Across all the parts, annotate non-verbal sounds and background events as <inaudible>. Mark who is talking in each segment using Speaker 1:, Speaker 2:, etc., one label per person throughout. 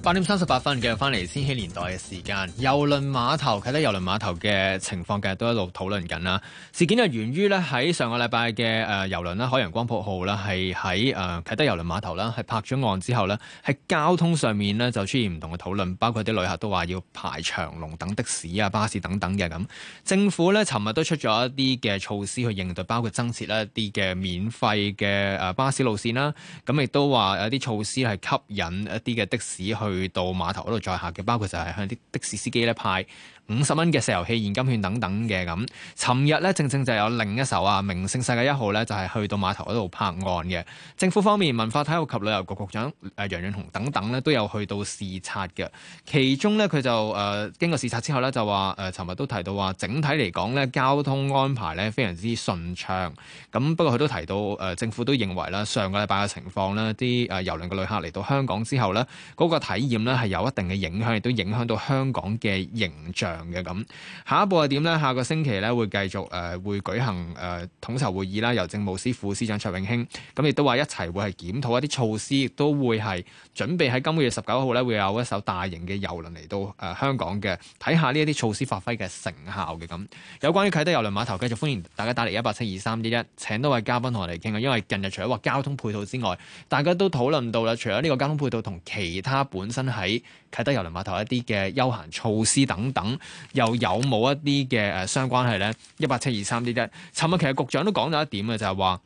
Speaker 1: 八點三十八分繼續翻嚟《38, 千禧年代》嘅時間，郵輪碼頭啟德郵輪碼頭嘅情況，今日都一路討論緊啦。事件係源於呢，喺上個禮拜嘅誒郵輪啦，海洋光譜號啦係喺誒啟德郵輪碼頭啦係泊咗岸之後呢，喺交通上面呢，就出現唔同嘅討論，包括啲旅客都話要排長龍等的士啊、巴士等等嘅咁。政府呢，尋日都出咗一啲嘅措施去應對，包括增設一啲嘅免費嘅誒巴士路綫啦，咁亦都話有啲措施係吸引一啲嘅的，的士去。去到碼頭嗰度載客嘅，包括就係向啲的士司機咧派五十蚊嘅石油氣現金券等等嘅咁。尋日咧，正正就有另一艘啊，名勝世界一號咧，就係、是、去到碼頭嗰度泊岸嘅。政府方面，文化體育及旅遊局局長誒楊潤雄等等咧都有去到視察嘅。其中咧，佢就誒、呃、經過視察之後咧，就話誒尋日都提到話，整體嚟講咧，交通安排咧，非常之順暢。咁不過佢都提到誒、呃、政府都認為啦，上個禮拜嘅情況咧，啲誒郵輪嘅旅客嚟到香港之後咧，嗰、那個、提體驗咧係有一定嘅影響，亦都影響到香港嘅形象嘅咁。下一步係點呢？下個星期咧會繼續誒、呃、會舉行誒、呃、統籌會議啦，由政務司副司長卓永興咁亦都話一齊會係檢討一啲措施，亦都會係準備喺今個月十九號咧會有一艘大型嘅郵輪嚟到誒香港嘅，睇下呢一啲措施發揮嘅成效嘅咁。有關於啟德郵輪碼頭，繼續歡迎大家打嚟一八七二三一一，請多位嘉賓同我哋傾啊！因為近日除咗話交通配套之外，大家都討論到啦，除咗呢個交通配套同其他本本身喺啟德郵輪碼頭一啲嘅休閒措施等等，又有冇一啲嘅誒相關係咧？一八七二三一一，尋日其實局長都講咗一點嘅，就係話。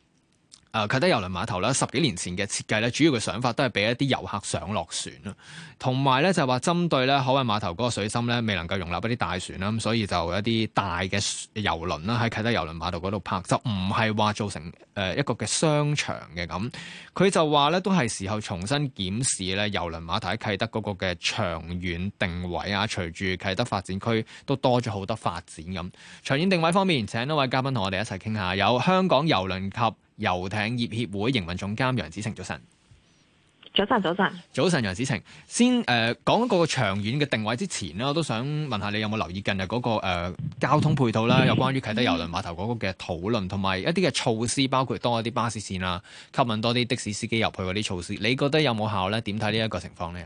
Speaker 1: 誒啟、呃、德郵輪碼頭咧，十幾年前嘅設計咧，主要嘅想法都係俾一啲遊客上落船咯。同埋咧，就話針對咧海運碼頭嗰個水深咧，未能夠容納一啲大船啦，咁所以就一啲大嘅郵輪啦喺啟德郵輪碼頭嗰度泊，就唔係話造成誒一個嘅商場嘅咁。佢就話咧都係時候重新檢視咧郵輪碼頭喺啟德嗰個嘅長遠定位啊。隨住啟德發展區都多咗好多發展，咁長遠定位方面，請多位嘉賓同我哋一齊傾下。有香港郵輪及。遊艇業協會營運總監楊梓呈，早晨，
Speaker 2: 早晨，早晨，
Speaker 1: 早晨，楊梓呈，先誒講個長遠嘅定位之前呢，我都想問下你有冇留意近日嗰、那個誒、呃、交通配套啦，有關於啟德郵輪碼頭嗰個嘅討論，同埋 <laughs> 一啲嘅措施，包括多一啲巴士線啊，吸引多啲的士司機入去嗰啲措施，你覺得有冇效咧？點睇呢一個情況呢？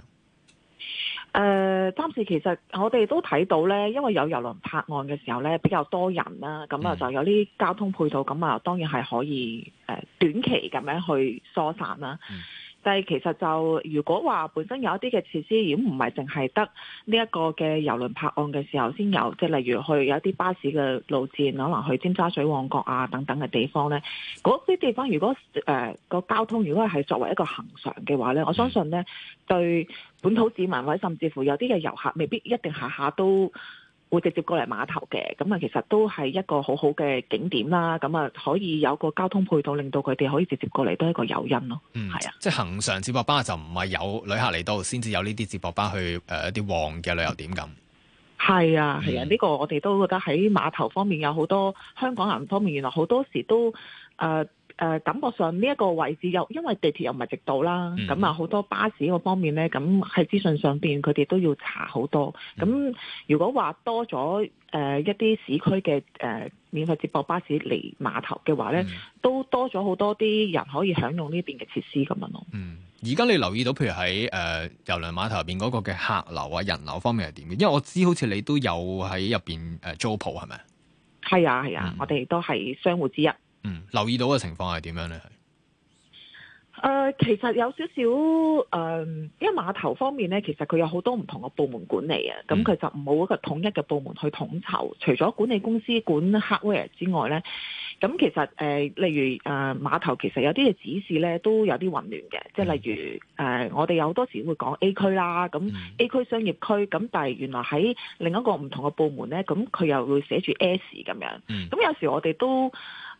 Speaker 2: 誒，暫時其實我哋都睇到呢，因為有郵輪泊岸嘅時候呢，比較多人啦，咁啊就有啲交通配套，咁啊當然係可以誒、呃、短期咁樣去疏散啦。嗯但係其實就如果話本身有一啲嘅設施，如果唔係淨係得呢一個嘅郵輪泊岸嘅時候先有，即係例如去有一啲巴士嘅路線，可能去尖沙咀旺角啊等等嘅地方呢。嗰啲地方如果誒、呃那個交通如果係作為一個恒常嘅話呢，我相信呢對本土市民或者甚至乎有啲嘅遊客，未必一定下下都，會直接過嚟碼頭嘅，咁啊其實都係一個好好嘅景點啦，咁啊可以有個交通配套，令到佢哋可以直接過嚟都係一個誘因咯，嗯、
Speaker 1: 係啊。即係行上接駁巴就唔係有旅客嚟到，先至有呢啲接駁巴去誒一啲旺嘅旅遊點咁。
Speaker 2: 係啊係啊，啊嗯、呢個我哋都覺得喺碼頭方面有好多香港人方面，原來好多時都誒。呃誒，感覺上呢一個位置又因為地鐵又唔係直到啦，咁啊好多巴士呢方面咧，咁喺資訊上邊佢哋都要查好多。咁、嗯、如果話多咗誒一啲市區嘅誒免費接駁巴士嚟碼頭嘅話咧，嗯、都多咗好多啲人可以享用呢邊嘅設施咁樣咯。嗯，
Speaker 1: 而家你留意到，譬如喺誒郵輪碼頭入邊嗰個嘅客流啊人流方面係點嘅？因為我知好似你都有喺入邊誒租鋪係咪？
Speaker 2: 係啊係啊，啊、嗯、啊，我哋都係商戶之一。
Speaker 1: 嗯，留意到嘅情況係點樣咧？誒、
Speaker 2: 呃，其實有少少誒，因為碼頭方面咧，其實佢有好多唔同嘅部門管理啊，咁佢、嗯、就冇一個統一嘅部門去統籌。除咗管理公司管 hardware 之外咧，咁其實誒、呃，例如誒碼、呃、頭，其實有啲嘅指示咧都有啲混亂嘅，即係例如誒、嗯呃，我哋有好多時會講 A 區啦，咁 A 區商業區，咁但係原來喺另一個唔同嘅部門咧，咁佢又會寫住 S 咁樣，咁、嗯、有時我哋都。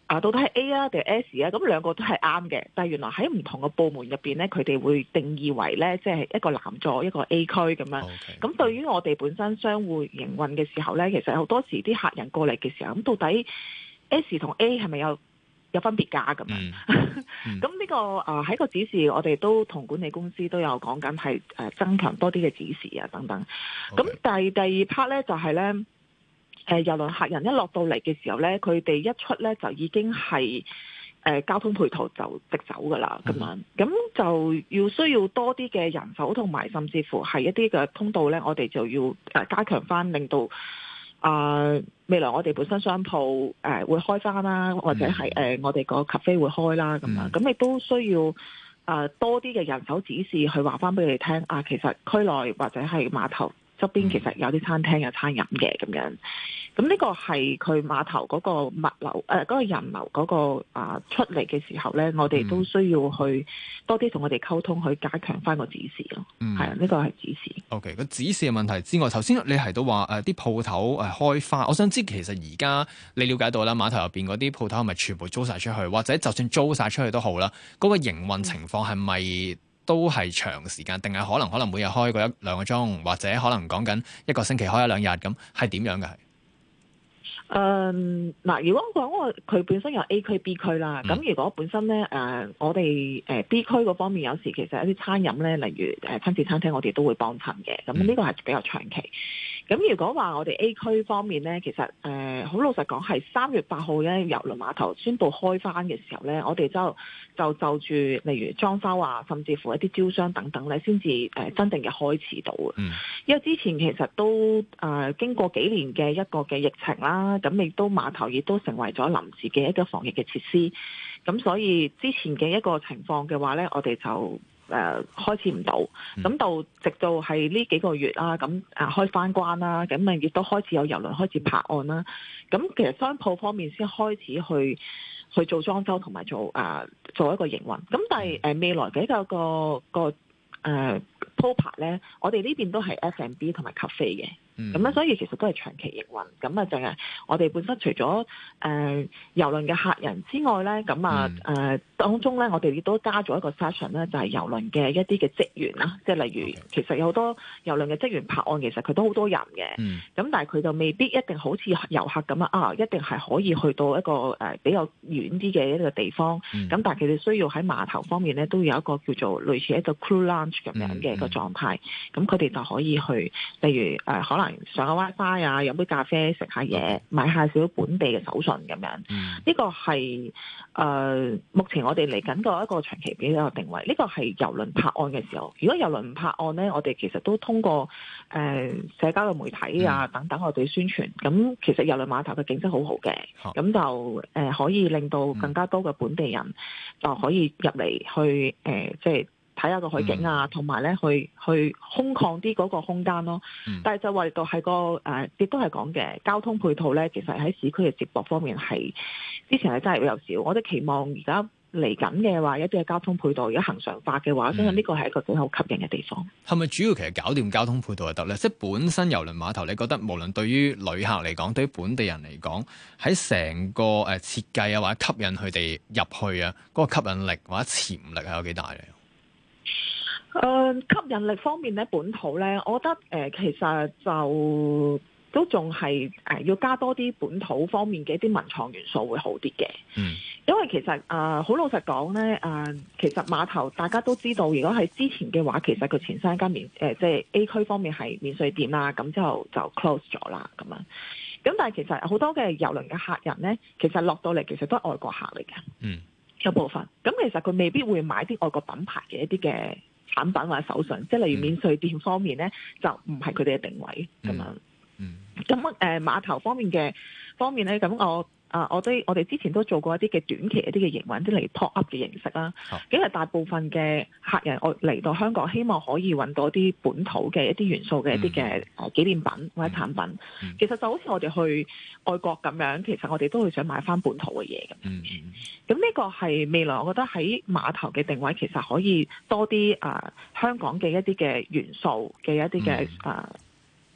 Speaker 2: 啊，到底係 A 啊定 S 啊？咁兩個都係啱嘅，但係原來喺唔同嘅部門入邊咧，佢哋會定義為咧，即係一個南座一個 A 區咁樣。咁 Okay. 對於我哋本身商戶營運嘅時候咧，其實好多時啲客人過嚟嘅時候，咁到底 S 同 A 係咪有有分別加咁樣？咁呢個啊喺、呃、個指示，我哋都同管理公司都有講緊，係誒增強多啲嘅指示啊等等。咁第 Okay. 第二 part 咧就係咧。誒郵、呃、輪客人一落到嚟嘅時候咧，佢哋一出咧就已經係誒、呃、交通配套就直走噶啦咁樣，咁就要需要多啲嘅人手，同埋甚至乎係一啲嘅通道咧，我哋就要誒加強翻，令到啊、呃、未來我哋本身商鋪誒、呃、會開翻啦，或者係誒、呃、我哋個咖啡會開啦咁樣，咁亦、嗯、都需要啊、呃、多啲嘅人手指示去話翻俾你聽，啊其實區內或者係碼頭。側邊其實有啲餐廳有餐飲嘅咁樣，咁呢個係佢碼頭嗰個物流誒嗰個人流嗰個啊出嚟嘅時候咧，我哋都需要去多啲同我哋溝通，去加強翻個指示咯。嗯，係啊，呢個
Speaker 1: 係指示。O.K. 咁指示嘅問題之外，頭先你提到話誒啲鋪頭誒開花，我想知其實而家你了解到啦，碼頭入邊嗰啲鋪頭係咪全部租晒出去，或者就算租晒出去都好啦，嗰個營運情況係咪？都係長時間，定係可能可能每日開個一兩個鐘，或者可能講緊一個星期開一兩日咁，係點樣嘅？
Speaker 2: 誒，嗱，如果我講佢本身有 A 區 B 區啦，咁如果本身呢，誒、呃，我哋誒、呃、B 區嗰方面有時其實一啲餐飲呢，例如誒、呃、親子餐廳，我哋都會幫襯嘅，咁呢個係比較長期。咁如果話我哋 A 區方面呢，其實誒，好、呃、老實講係三月八號呢，郵輪碼頭宣佈開翻嘅時候呢，我哋就，就就就住例如裝修啊，甚至乎一啲招商等等呢，先至誒真正嘅開始到、嗯、因為之前其實都誒、呃、經過幾年嘅一個嘅疫情啦，咁亦都碼頭亦都成為咗臨時嘅一個防疫嘅設施。咁所以之前嘅一個情況嘅話呢，我哋就。誒開始唔到，咁到直到係呢幾個月啦，咁啊開翻關啦，咁咪亦都開始有郵輪開始泊岸啦。咁其實商鋪方面先開始去去做裝修同埋做啊做一個營運。咁但係誒、呃、未來比較個一個誒鋪排咧，我哋呢邊都係 F&B 同埋咖啡嘅。咁咧，mm. 嗯，所以其實都係長期營運，咁啊，就係我哋本身除咗誒遊輪嘅客人之外咧，咁啊誒當中咧，我哋亦都加咗一個 session 咧，就係遊輪嘅一啲嘅職員啦。即係例如，其實有好多遊輪嘅職員泊岸，其實佢都好多人嘅。咁，mm. 但係佢就未必一定好似遊客咁啊，啊一定係可以去到一個誒比較遠啲嘅一個地方。咁，mm. 但係佢哋需要喺碼頭方面咧，都有一個叫做類似一個 crew lounge 咁樣嘅一個狀態，咁佢哋就可以去，例如誒、呃，可能。上個 WiFi 啊，飲杯咖啡，食下嘢，買下少少本地嘅手信咁樣。呢、嗯、個係誒、呃、目前我哋嚟緊嘅一個長期嘅一個定位。呢個係郵輪泊岸嘅時候，如果郵輪唔泊岸咧，我哋其實都通過誒、呃、社交嘅媒體啊等等我哋宣傳。咁其實郵輪碼頭嘅景色好好嘅，咁就誒、呃、可以令到更加多嘅本地人就可以入嚟去誒、呃、即係。睇下個海景啊，同埋咧去去空曠啲嗰個空間咯。嗯、但係就為到係個誒，亦都係講嘅交通配套咧。其實喺市區嘅接駁方面係之前係真係有少。我哋期望而家嚟緊嘅話，一啲嘅交通配套如果恒常化嘅話，相信呢個係一個好吸引嘅地方
Speaker 1: 係咪？是是主要其實搞掂交通配套就得咧。即係本身郵輪碼頭，你覺得無論對於旅客嚟講，對於本地人嚟講，喺成個誒設計啊，或者吸引佢哋入去啊，嗰個吸引力或者潛力係有幾大嚟？
Speaker 2: 誒、呃，吸引力方面咧，本土咧，我覺得誒、呃，其實就都仲係誒，呃、要加多啲本土方面嘅一啲文創元素會好啲嘅。嗯，因為其實誒，好、呃、老實講咧，誒、呃，其實碼頭大家都知道，如果係之前嘅話，其實佢前三間免誒、呃，即係 A 區方面係免稅店啦，咁之後就 close 咗啦，咁樣，咁但係其實好多嘅遊輪嘅客人咧，其實落到嚟其實都係外國客嚟嘅。嗯。一部分咁，其實佢未必會買啲外國品牌嘅一啲嘅產品或者手信，即係例如免稅店方面咧，就唔係佢哋嘅定位咁樣。嗯，咁誒碼頭方面嘅方面咧，咁我。啊！我哋我哋之前都做過一啲嘅短期一啲嘅營運，一啲嚟 pop up 嘅形式啦。因為、嗯、大部分嘅客人我嚟到香港，希望可以揾到啲本土嘅一啲元素嘅一啲嘅紀念品或者產品。嗯嗯、其實就好似我哋去外國咁樣，其實我哋都會想買翻本土嘅嘢咁。咁呢、嗯嗯、個係未來，我覺得喺碼頭嘅定位其實可以多啲啊，uh, 香港嘅一啲嘅元素嘅一啲嘅啊啊。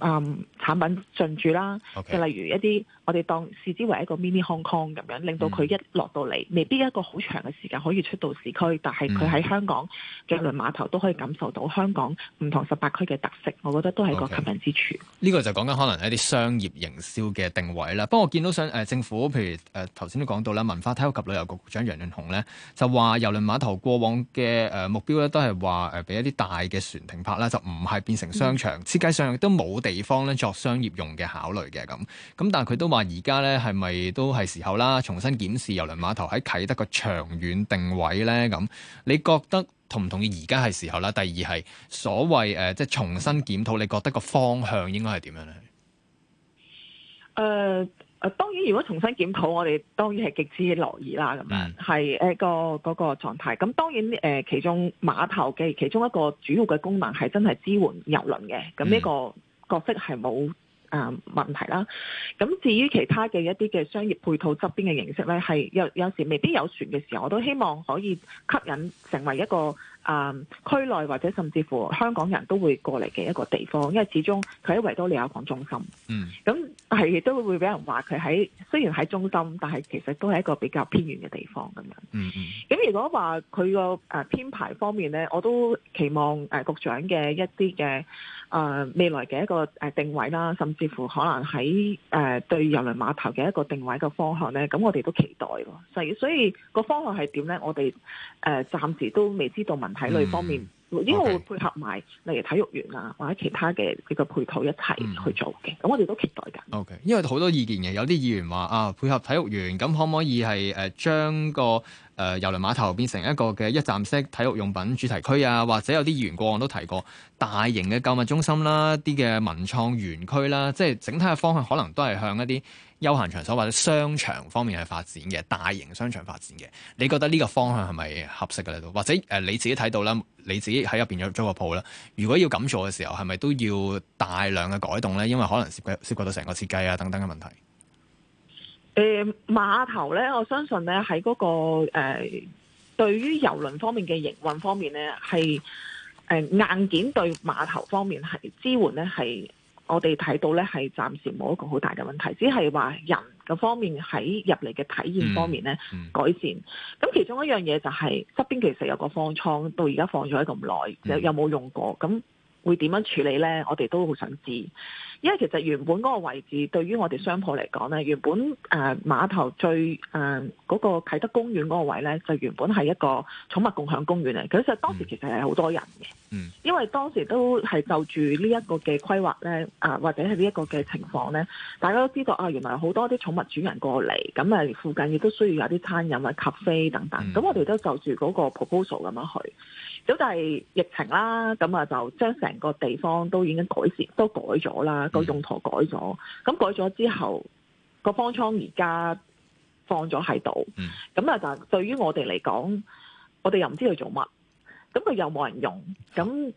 Speaker 2: 嗯 uh, um, 產品進駐啦，嘅 Okay. 例如一啲我哋當視之為一個 mini Hong Kong 咁樣，令到佢一落到嚟，嗯、未必一個好長嘅時間可以出到市區，但係佢喺香港遊、嗯、輪碼頭都可以感受到香港唔同十八區嘅特色，我覺得都係一個吸引之處。呢
Speaker 1: Okay. 個就講緊可能一啲商業營銷嘅定位啦。不過我見到上誒、呃、政府，譬如誒頭先都講到啦，文化體育及旅遊局局長楊潤雄咧就話遊輪碼頭過往嘅誒、呃、目標咧都係話誒俾一啲大嘅船停泊啦，就唔係變成商場，設計上亦都冇地方咧商業用嘅考慮嘅咁，咁但係佢都話而家咧係咪都係時候啦？重新檢視郵輪碼頭喺啟德個長遠定位咧咁，呃，你覺得同唔同意？而家係時候啦。第二係所謂誒，即係重新檢討，你覺得個方向應該係點樣咧？誒誒，
Speaker 2: 呃呃，當然，如果重新檢討，我哋當然係極之樂意啦。咁樣係誒個嗰、那個狀態。咁當然誒，呃，其中碼頭嘅其中一個主要嘅功能係真係支援郵輪嘅。咁呢個、嗯。角色係冇。誒、嗯、問題啦，咁至於其他嘅一啲嘅商業配套側邊嘅形式咧，係有有時未必有船嘅時候，我都希望可以吸引成為一個誒、嗯、區內或者甚至乎香港人都會過嚟嘅一個地方，因為始終佢喺維多利亞港中心。嗯。咁但係亦都會會俾人話佢喺雖然喺中心，但係其實都係一個比較偏遠嘅地方咁樣。嗯、嗯。咁如果話佢個誒編排方面咧，我都期望誒、呃、局長嘅一啲嘅誒未來嘅一個誒定位啦，甚至。似乎可能喺誒、呃、對郵輪碼頭嘅一個定位嘅方向咧，咁我哋都期待喎。所以所以個方向係點咧？我哋誒暫時都未知道。文體類方面，呢、嗯、因為會配合埋例如體育園啊或者其他嘅呢個配套一齊去做嘅。咁、嗯、我哋都期待緊。
Speaker 1: O、okay, K，因為好多意見嘅，有啲議員話啊，配合體育園，咁可唔可以係誒將個？誒、呃、郵輪碼頭變成一個嘅一站式體育用品主題區啊，或者有啲議員過往都提過大型嘅購物中心啦，啲嘅文創園區啦，即係整體嘅方向可能都係向一啲休閒場所或者商場方面去發展嘅，大型商場發展嘅。你覺得呢個方向係咪合適嘅咧？或者誒、呃、你自己睇到啦，你自己喺入邊有租個鋪啦。如果要咁做嘅時候，係咪都要大量嘅改動咧？因為可能涉涉及到成個設計啊等等嘅問題。
Speaker 2: 誒，碼、呃、頭咧，我相信咧喺嗰個誒、呃，對於郵輪方面嘅營運方面咧，係誒、呃、硬件對碼頭方面係支援咧，係我哋睇到咧係暫時冇一個好大嘅問題，只係話人嘅方面喺入嚟嘅體驗方面咧改善。咁、嗯嗯、其中一樣嘢就係側邊其實有個方艙，到而家放咗喺咁耐，有、嗯、有冇用過？咁會點樣處理呢？我哋都好想知，因為其實原本嗰個位置對於我哋商鋪嚟講呢，原本誒、呃、碼頭最誒嗰、呃嗰個啟德公園嗰個位呢，就原本係一個寵物共享公園嚟。其實當時其實係好多人嘅，因為當時都係就住呢一個嘅規劃呢，啊、呃、或者係呢一個嘅情況呢，大家都知道啊，原來好多啲寵物主人過嚟，咁啊附近亦都需要有啲餐飲啊、咖啡等等。咁我哋都就住嗰個 proposal 咁樣去，咁但係疫情啦，咁啊就將成成個地方都已經改善，都改咗啦，個用途改咗。咁改咗之後，個方艙而家放咗喺度。咁啊，但 <noise> 係對於我哋嚟講，我哋又唔知佢做乜，咁佢又冇人用，咁。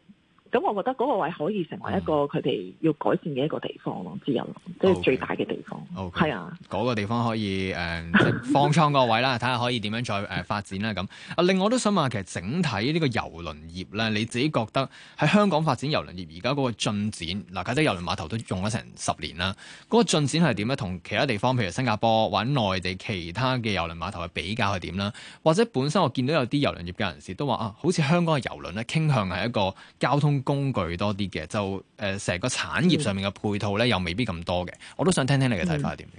Speaker 2: 咁我覺得嗰個位可以成為一
Speaker 1: 個佢哋要改善嘅一個地方咯，之一即係最大嘅地方。係 Okay. 啊，嗰個地方可以誒放倉嗰個位啦，睇下 <laughs> 可以點樣再誒發展啦咁。啊，另外我都想問下，其實整體呢個郵輪業咧，你自己覺得喺香港發展郵輪業而家嗰個進展，嗱、啊，家啲郵輪碼頭都用咗成十年啦，嗰、那個進展係點咧？同其他地方，譬如新加坡或者內地其他嘅郵輪碼頭去比較係點啦？或者本身我見到有啲郵輪業嘅人士都話啊，好似香港嘅郵輪咧，傾向係一個交通工具多啲嘅，就誒成、呃、個產業上面嘅配套咧，又未必咁多嘅。我都想聽聽你嘅睇法係點樣。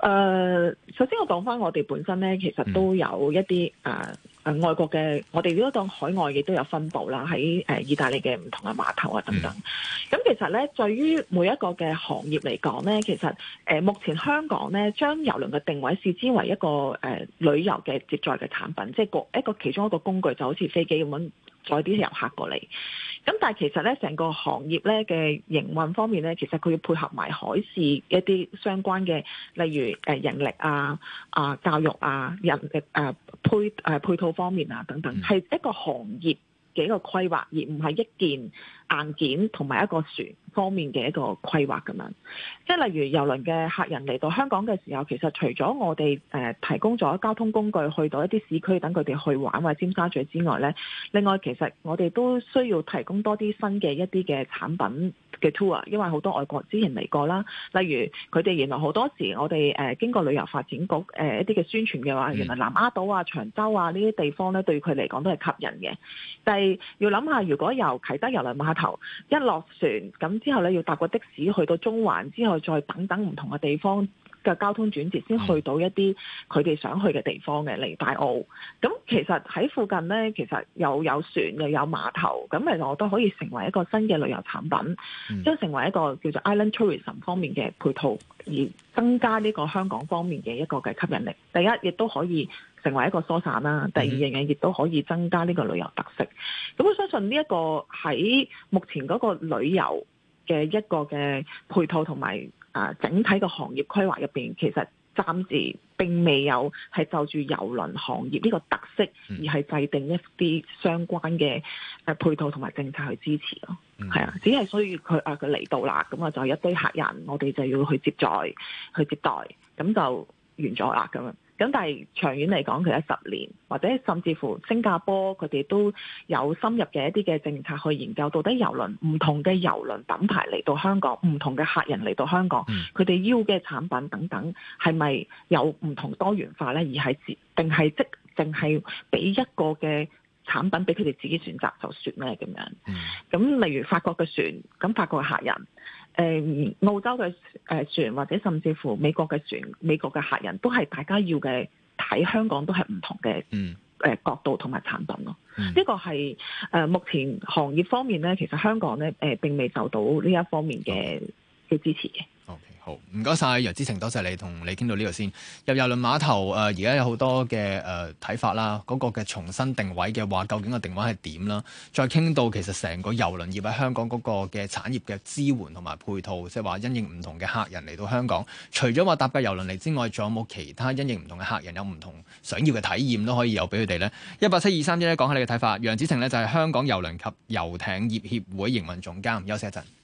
Speaker 1: 誒
Speaker 2: 何、呃，首先我講翻我哋本身咧，其實都有一啲誒誒外國嘅，我哋如果當海外亦都有分佈啦，喺誒意大利嘅唔同嘅碼頭啊等等。咁、嗯、其實咧，在於每一個嘅行業嚟講咧，其實誒、呃、目前香港咧，將郵輪嘅定位視之為一個誒、呃、旅遊嘅接載嘅產品，即係個一個其中一個工具，就好似飛機咁樣。載啲遊客過嚟，咁但係其實咧，成個行業咧嘅營運方面咧，其實佢要配合埋海事一啲相關嘅，例如誒人力啊、啊教育啊、人嘅誒配誒配套方面啊等等，係一個行業。幾個規劃，而唔係一件硬件同埋一個船方面嘅一個規劃咁樣。即係例如郵輪嘅客人嚟到香港嘅時候，其實除咗我哋誒提供咗交通工具去到一啲市區等佢哋去玩或者尖沙咀之外咧，另外其實我哋都需要提供多啲新嘅一啲嘅產品。嘅 tour 因為好多外國之前嚟過啦，例如佢哋原來好多時我哋誒、呃、經過旅遊發展局誒、呃、一啲嘅宣傳嘅話，原來南丫島啊、長洲啊呢啲地方咧對佢嚟講都係吸引嘅。但係要諗下，如果由啟德遊輪碼頭一落船，咁之後咧要搭個的士去到中環，之後再等等唔同嘅地方。嘅交通轉接先去到一啲佢哋想去嘅地方嘅嚟大澳，咁其實喺附近呢，其實又有船又有碼頭，咁其實我都可以成為一個新嘅旅遊產品，即、嗯、成為一個叫做 Island Tourism 方面嘅配套，而增加呢個香港方面嘅一個嘅吸引力。第一，亦都可以成為一個疏散啦，第二樣嘢亦都可以增加呢個旅遊特色。咁、嗯、我相信呢一個喺目前嗰個旅遊嘅一個嘅配套同埋。啊！整體個行業規劃入邊，其實暫時並未有係就住郵輪行業呢個特色，而係制定一啲相關嘅誒配套同埋政策去支持咯。係、mm hmm. 啊，只係需要佢啊佢嚟到啦，咁啊就一堆客人，我哋就要去接載、去接待，咁就完咗啦咁樣。咁但係長遠嚟講，其實十年，或者甚至乎新加坡佢哋都有深入嘅一啲嘅政策去研究，到底郵輪唔同嘅郵輪品牌嚟到香港，唔同嘅客人嚟到香港，佢哋、嗯、要嘅產品等等係咪有唔同多元化呢？而係定係即淨係俾一個嘅產品俾佢哋自己選擇就算呢？咁樣。咁、嗯、例如法國嘅船，咁法國嘅客人。誒，澳洲嘅誒船，或者甚至乎美國嘅船，美國嘅客人都係大家要嘅睇香港都係唔同嘅誒角度同埋產品咯。呢、嗯、個係誒、呃、目前行業方面咧，其實香港咧誒、呃、並未受到呢一方面嘅嘅支持嘅。
Speaker 1: 好，唔該晒，楊梓呈，多謝你同你傾到呢度先。入郵輪碼頭誒，而、呃、家有好多嘅誒睇法啦，嗰、那個嘅重新定位嘅話，究竟個定位係點啦？再傾到其實成個郵輪業喺香港嗰個嘅產業嘅支援同埋配套，即係話因應唔同嘅客人嚟到香港，除咗話搭架郵輪嚟之外，仲有冇其他因應唔同嘅客人有唔同想要嘅體驗都可以有俾佢哋呢。一八七二三一講下你嘅睇法，楊梓呈呢，就係、是、香港郵輪及遊艇業協會營運總監，休息一陣。